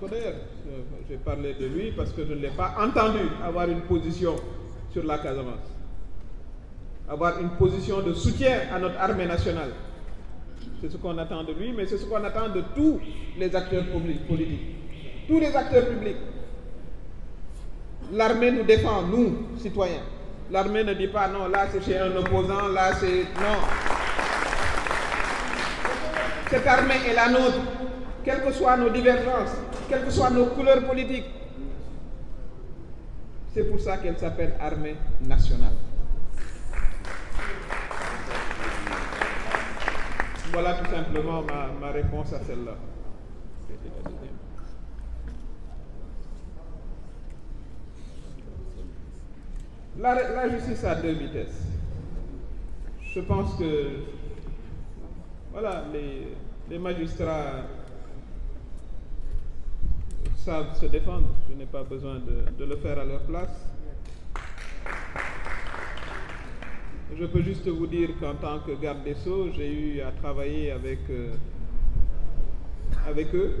Je euh, j'ai parlé de lui parce que je ne l'ai pas entendu avoir une position sur la Casamance, avoir une position de soutien à notre armée nationale. C'est ce qu'on attend de lui, mais c'est ce qu'on attend de tous les acteurs publics, politiques. Tous les acteurs publics. L'armée nous défend, nous, citoyens. L'armée ne dit pas non, là c'est chez un opposant, là c'est. Non. Cette armée est la nôtre quelles que soient nos divergences, quelles que soient nos couleurs politiques. C'est pour ça qu'elle s'appelle Armée nationale. Voilà tout simplement ma, réponse à celle-là. La, justice a deux vitesses. Je pense que voilà, les, les magistrats savent se défendre. Je n'ai pas besoin de, le faire à leur place. Je peux juste vous dire qu'en tant que garde des Sceaux, j'ai eu à travailler avec, euh, avec eux,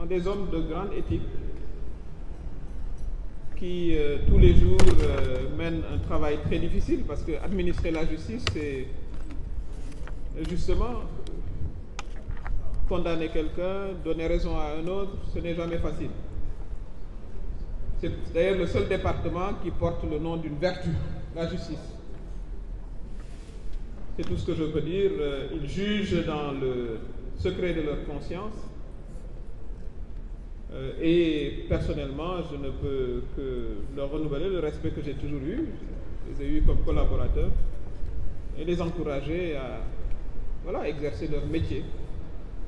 en des hommes de grande éthique qui, euh, tous les jours, euh, mènent un travail très difficile parce que administrer la justice, c'est justement condamner quelqu'un, donner raison à un autre, ce n'est jamais facile. C'est d'ailleurs le seul département qui porte le nom d'une vertu, la justice. C'est tout ce que je peux dire. Euh, ils jugent dans le secret de leur conscience. Euh, et personnellement, je ne peux que leur renouveler le respect que j'ai toujours eu. Je les ai eu comme collaborateurs et les encourager à voilà, exercer leur métier.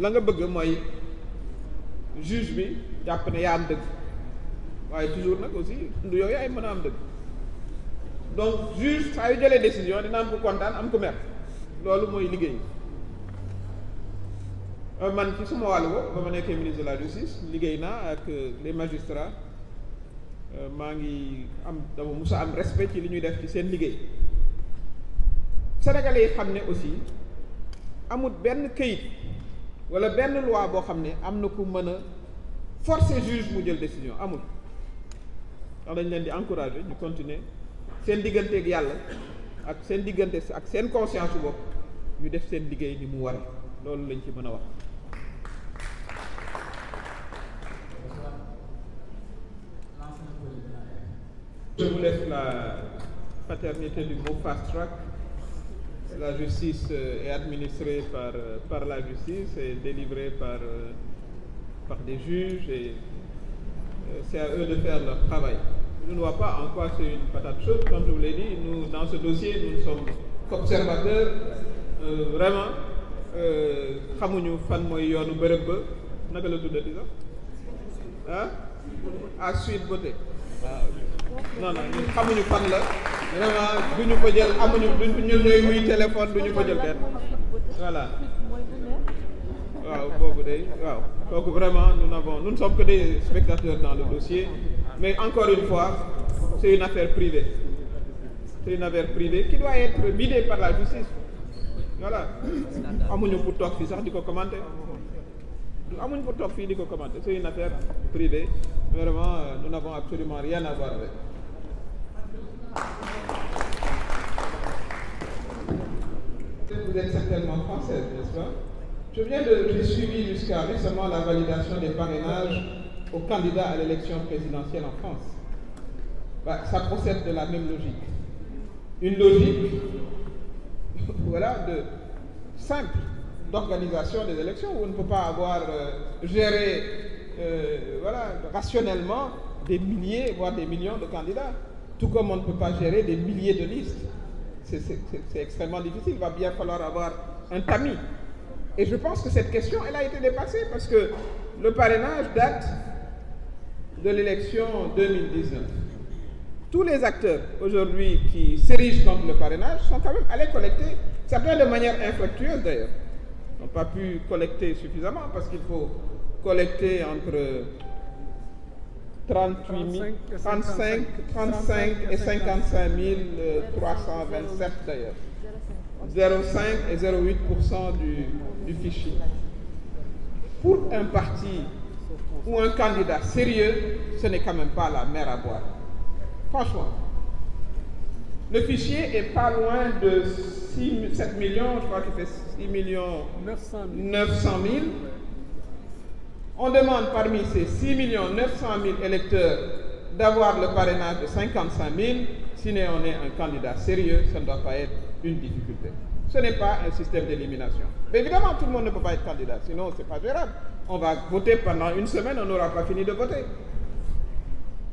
la nga bëgg moy juge bi japp ne yaa am dëgg waye toujours nak aussi ndu yow yaay mëna am dëgg donc juge saa yu jëlee décision dina am ko kontaan am ku mer loolu mooy liggéey euh, man ci suma wàllu bopp ba ma nekkee ministre de la justice liggéey na ak euh, les magistrats euh, maa ngi am dama musa am respect ci li ñuy def ci seen liggéey sénégalais yi xam ne aussi amut benn këyit wala benn loi boo xam ne am na ku mën a forcer juge mu jël décision amul ndax dañ leen di encourager ñu continuer seen diggante ak yàlla ak seen diggante ak seen conscience su bopp ñu def seen liggéey ni mu war loolu lañ ci mën a wax je vous laisse la paternité du mot fast track la justice euh, est administrée par, euh, par la justice et délivrée par, euh, par des juges et c'est à eux de faire leur travail. Je ne vois pas en quoi c'est une patate chaude. Comme je vous l'ai dit, nous, dans ce dossier, nous sommes observateurs vraiment, fan hein? à suite beauté non non ñun xamuñu fan là. vraiment duñu ko jël amuñu duñ ñun téléphone duñu ko voilà waaw day donc vraiment nous n'avons nous ne sommes que des spectateurs dans le dossier mais encore une fois c'est une affaire privée c'est une affaire privée qui doit être vidée par la justice voilà amuñu pour toog fii sax di commenter c'est une affaire privée vraiment euh, nous n'avons absolument rien à voir avec vous êtes certainement française, n'est-ce pas Je viens de, suivre jusqu'à récemment la validation des parrainages aux candidats à l'élection présidentielle en France. Bah, ça procède de la même logique. Une logique, voilà, de simple d'organisation des élections où on ne peut pas avoir euh, géré euh, voilà, rationnellement des milliers, voire des millions de candidats, tout comme on ne peut pas gérer des milliers de listes. C'est extrêmement difficile, il va bien falloir avoir un tamis. Et je pense que cette question, elle a été dépassée parce que le parrainage date de l'élection 2019. Tous les acteurs aujourd'hui qui s'érigent contre le parrainage sont quand même allés collecter, certains de manière infructueuse d'ailleurs, n'ont pas pu collecter suffisamment parce qu'il faut collecter entre 38 35, 35 et 55 327 euh, d'ailleurs. 0,5 et 0,8% du, du fichier. Pour un parti ou un candidat sérieux, ce n'est quand même pas la mer à boire. Franchement. Le fichier est pas loin de 7 millions, je crois qu'il fait 6 millions 900 000. On demande parmi ces 6 millions 900 000 électeurs d'avoir le parrainage de 55 000. Sinon, on est un candidat sérieux, ça ne doit pas être une difficulté. Ce n'est pas un système d'élimination. évidemment, tout le monde ne peut pas être candidat, sinon ce n'est pas gérable. On va voter pendant une semaine, on n'aura pas fini de voter.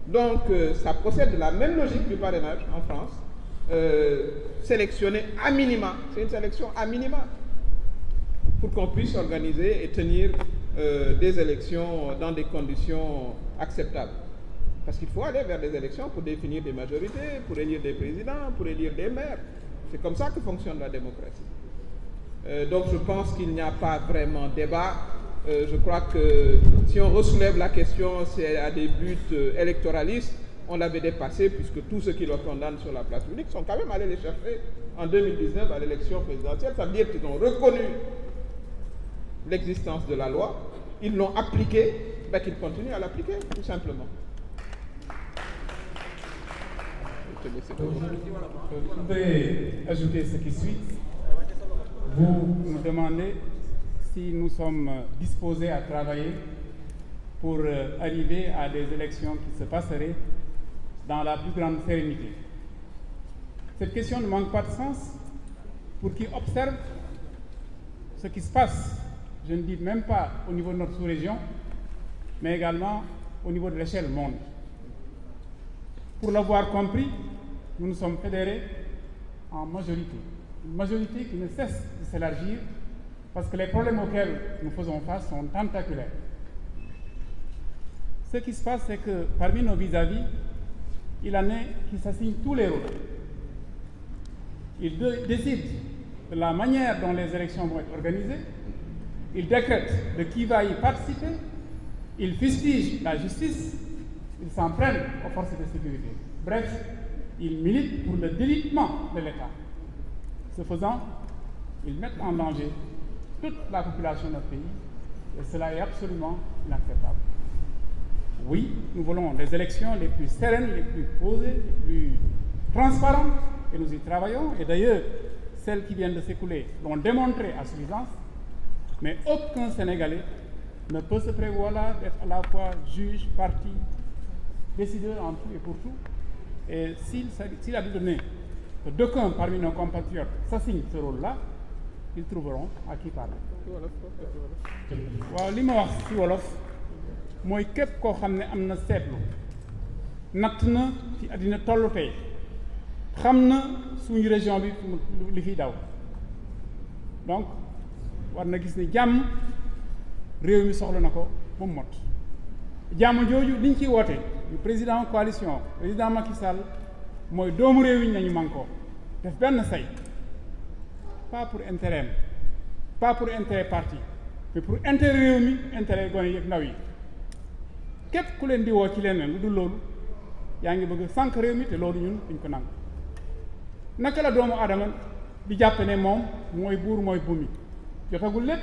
Donc, euh, ça procède de la même logique du parrainage en France, euh, sélectionner à minima, c'est une sélection à minima, pour qu'on puisse organiser et tenir euh, des élections dans des conditions acceptables. Parce qu'il faut aller vers des élections pour définir des majorités, pour élire des présidents, pour élire des maires. C'est comme ça que fonctionne la démocratie. Euh, donc je pense qu'il n'y a pas vraiment débat. je crois que si on soulève la question, c'est à des buts électoralistes on l'avait dépassé puisque tous ceux qui le condamnent sur la place publique sont quand même allés les chercher en 2019 à l'élection présidentielle. Ça veut dire qu'ils ont reconnu l'existence de la loi, ils l'ont appliquée, mais ben, qu'ils continuent à l'appliquer, tout simplement. Je voudrais ajouter ce qui suit. Vous nous demandez si nous sommes disposés à travailler pour euh, arriver à des élections qui se passeraient dans la plus grande sérénité. Cette question ne manque pas de sens pour qui observe ce qui se passe, je ne dis même pas au niveau de notre sous-région, mais également au niveau de l'échelle monde. Pour l'avoir compris, nous nous sommes fédérés en majorité. Une majorité qui ne cesse de s'élargir parce que les problèmes auxquels nous faisons face sont tentaculaires. Ce qui se passe, c'est que parmi nos vis-à-vis, vis vis à vis il en est qui s'assigne tous les rôles. Il décide de la manière dont les élections vont être organisées, il décrète de qui va y participer, il fustige la justice, il s'en prenne aux forces de sécurité. Bref, il milite pour le délitement de l'État. Ce faisant, il met en danger toute la population de pays et cela est absolument inacceptable. Oui, nous voulons les élections les plus sereines, les plus posées, les plus transparentes, et nous y travaillons. Et d'ailleurs, celles qui viennent de s'écouler l'ont démontré à suffisance, mais aucun Sénégalais ne peut se prévoir d'être à la fois juge, parti, décideur en tout et pour tout. Et s'il a donné que d'aucuns parmi nos compatriotes s'assignent ce rôle-là, ils trouveront à qui parler moy képp koo xam ne am na seetlu natt na ci àddina tollu tey xam na suñu région bi li fi daw donc war na gis ni jàmm réew mi soxla na ko ba mot jàmm jooju liñ ciy woote le président coalition président Macky Sall mooy doomu réew yi nañu mànkoo def benn say pas pour intérêt pas pour intérêt parti mais pour intérêt réew mi intérêt gone yi ak ndaw yi képp ku leen di woo ci leneen lu dul loolu yaa ngi bëgg sànq réew mi te loolu ñun duñ ko nangu naka la doomu aadama bi jàpp moom mooy buur mooy bumi jotagul lépp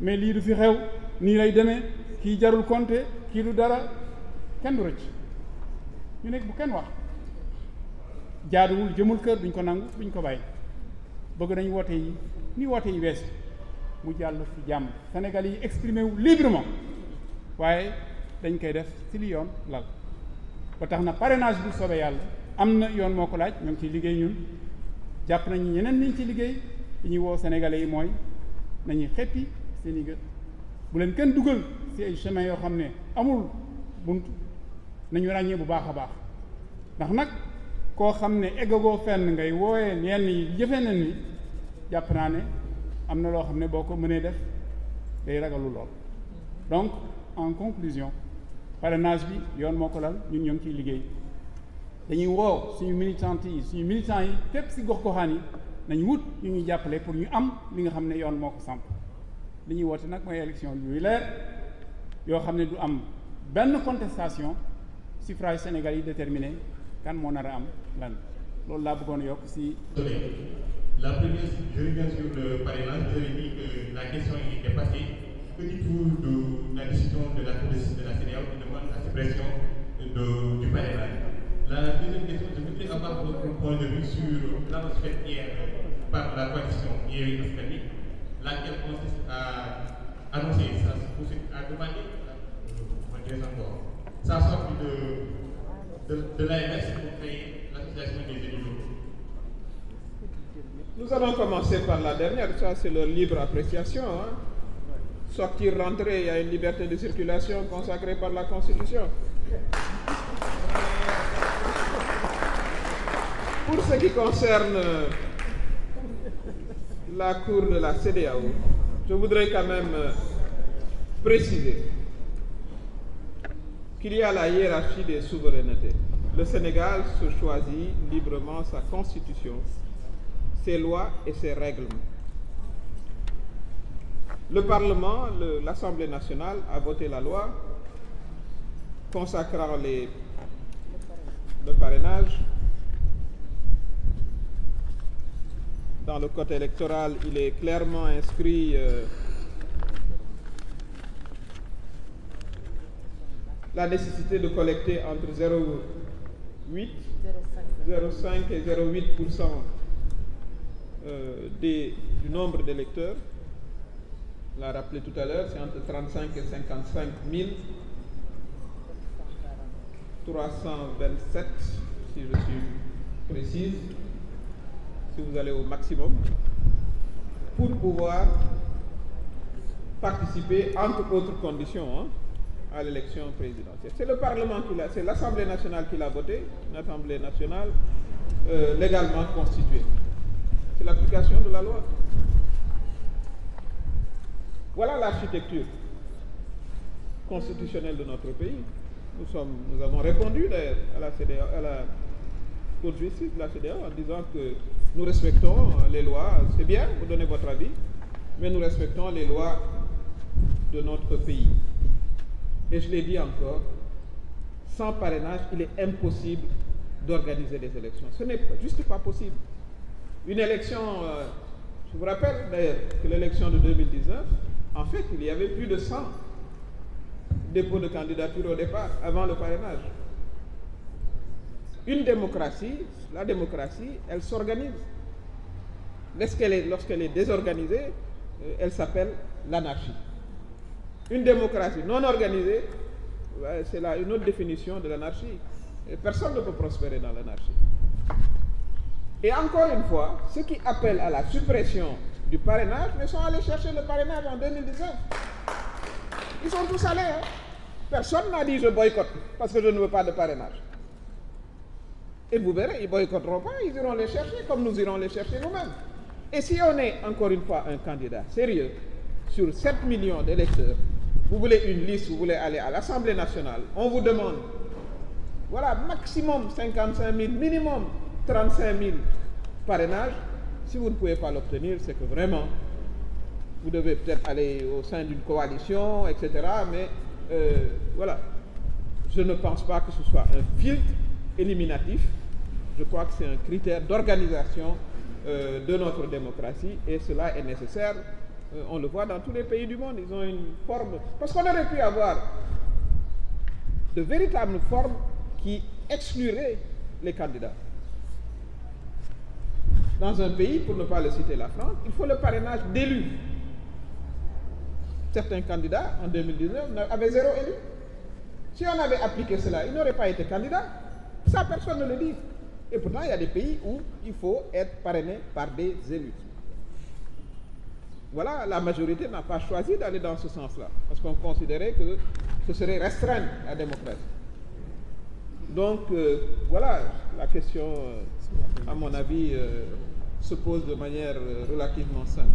mais lii du fi xew nii lay demee kii jarul compter kii du dara kenn du rëcc ñu nekk bu kenn wax jaaduwul jëmul kër duñ ko nangu duñ ko bàyyi bëgg nañ woote yi ni woote yi wees mu jàll fi jàmm Sénégal yi exprimé wu librement waaye dañ koy def ci li yoon lal ba tax na parrainage bu soobee yàlla am na yoon moo ko laaj ñoo ngi ciy liggéey ñun jàpp nañu ñeneen niñ ci liggéey li ñuy woo sénégalais yi mooy nañuy xeppi seen i gët bu leen kenn dugal ci ay chemin yoo xam ne amul bunt nañu ràññee bu baax a baax ndax nag koo xam ne eggagoo fenn ngay wooyee yenn yi jëfee nañ ni jàpp naa ne am na loo xam ne boo ko mënee def day ragalu lool donc en conclusion parrainage bi yoon moo ko lal ñun ñong ci ciy liggéey dañuy wo suñu militant yi suñu militant yi fépp si gox goxaan yi nañ wut ñu ñuy jàppale pour ñu am li nga xam ne yoon moo samp li ñuy woote nag mooy élection yu leer yoo xam du am benn contestation suffrage sénégalais yi déterminé kan moo nar a am lan loolu laa bëggoon yokk si. la première je reviens sur le parrainage je dis que la question est passée Petit tour de la décision de la, Cour de la CDAO qui demande la suppression du palais La deuxième question, je voudrais avoir votre point de vue sur l'atmosphère hier par la coalition hier islamique, laquelle consiste à annoncer, ça, à demander, encore, sa sortie de, de, de l'AMS pour créer l'association des élus Nous allons commencer par la dernière, ça c'est leur libre appréciation. Hein sortir, rentrer, il y a une liberté de circulation consacrée par la Constitution. Pour ce qui concerne la Cour de la CDAO, je voudrais quand même préciser qu'il y a la hiérarchie des souverainetés. Le Sénégal se choisit librement sa constitution, ses lois et ses règlements. Le Parlement, l'Assemblée nationale a voté la loi consacrant le parrainage. Dans le code électoral, il est clairement inscrit euh, la nécessité de collecter entre 0,8 0,5 et 0,8% euh, du nombre d'électeurs l'a rappelé tout à l'heure, c'est entre 35 et 55 327, si je suis précise, si vous allez au maximum, pour pouvoir participer, entre autres conditions, hein, à l'élection présidentielle. C'est le Parlement c'est l'Assemblée nationale qui l'a voté, une nationale euh, légalement constituée. C'est l'application de la loi. Voilà l'architecture constitutionnelle de notre pays. Nous, sommes, nous avons répondu à la, à la Cour de justice de la CDA en disant que nous respectons les lois, c'est bien, vous donnez votre avis, mais nous respectons les lois de notre pays. Et je l'ai dit encore, sans parrainage, il est impossible d'organiser des élections. Ce n'est juste pas possible. Une élection, euh, je vous rappelle d'ailleurs que l'élection de 2019, en fait, il y avait plus de 100 dépôts de candidature au départ, avant le parrainage. Une démocratie, la démocratie, elle s'organise. Lorsqu'elle est, désorganisée, euh, elle s'appelle l'anarchie. Une démocratie non organisée, euh, c'est une autre définition de l'anarchie. Personne ne peut prospérer dans l'anarchie. Et encore une fois, ce qui appelle à la suppression du parrainage, mais sont allés chercher le parrainage en 2019. Ils sont tous allés. Hein. Personne n'a dit je boycotte parce que je ne veux pas de parrainage. Et vous verrez, ils ne boycotteront pas, ils iront les chercher comme nous irons les chercher nous-mêmes. Et si on est encore une fois un candidat sérieux sur 7 millions d'électeurs, vous voulez une liste, vous voulez aller à l'Assemblée nationale, on vous demande, voilà, maximum 55 000, minimum 35 000 parrainages, si vous ne pouvez pas l'obtenir, c'est que vraiment, vous devez peut-être aller au sein d'une coalition, etc. Mais euh, voilà, je ne pense pas que ce soit un filtre éliminatif. Je crois que c'est un critère d'organisation euh, de notre démocratie et cela est nécessaire. Euh, on le voit dans tous les pays du monde, ils ont une forme. Parce qu'on aurait pu avoir de véritables formes qui excluraient les candidats dans un pays, pour ne pas le citer la France, il faut le parrainage d'élus. Certains candidats, en 2019, avaient zéro élu. Si on avait appliqué cela, ils n'auraient pas été candidats. Ça, personne ne le dit. Et pourtant, il y a des pays où il faut être parrainé par des élus. Voilà, la majorité n'a pas choisi d'aller dans ce sens-là, parce qu'on considérait que ce serait restreindre la démocratie. Donc, euh, voilà la question. Euh, à mon avis, euh, se pose de manière euh, relativement simple.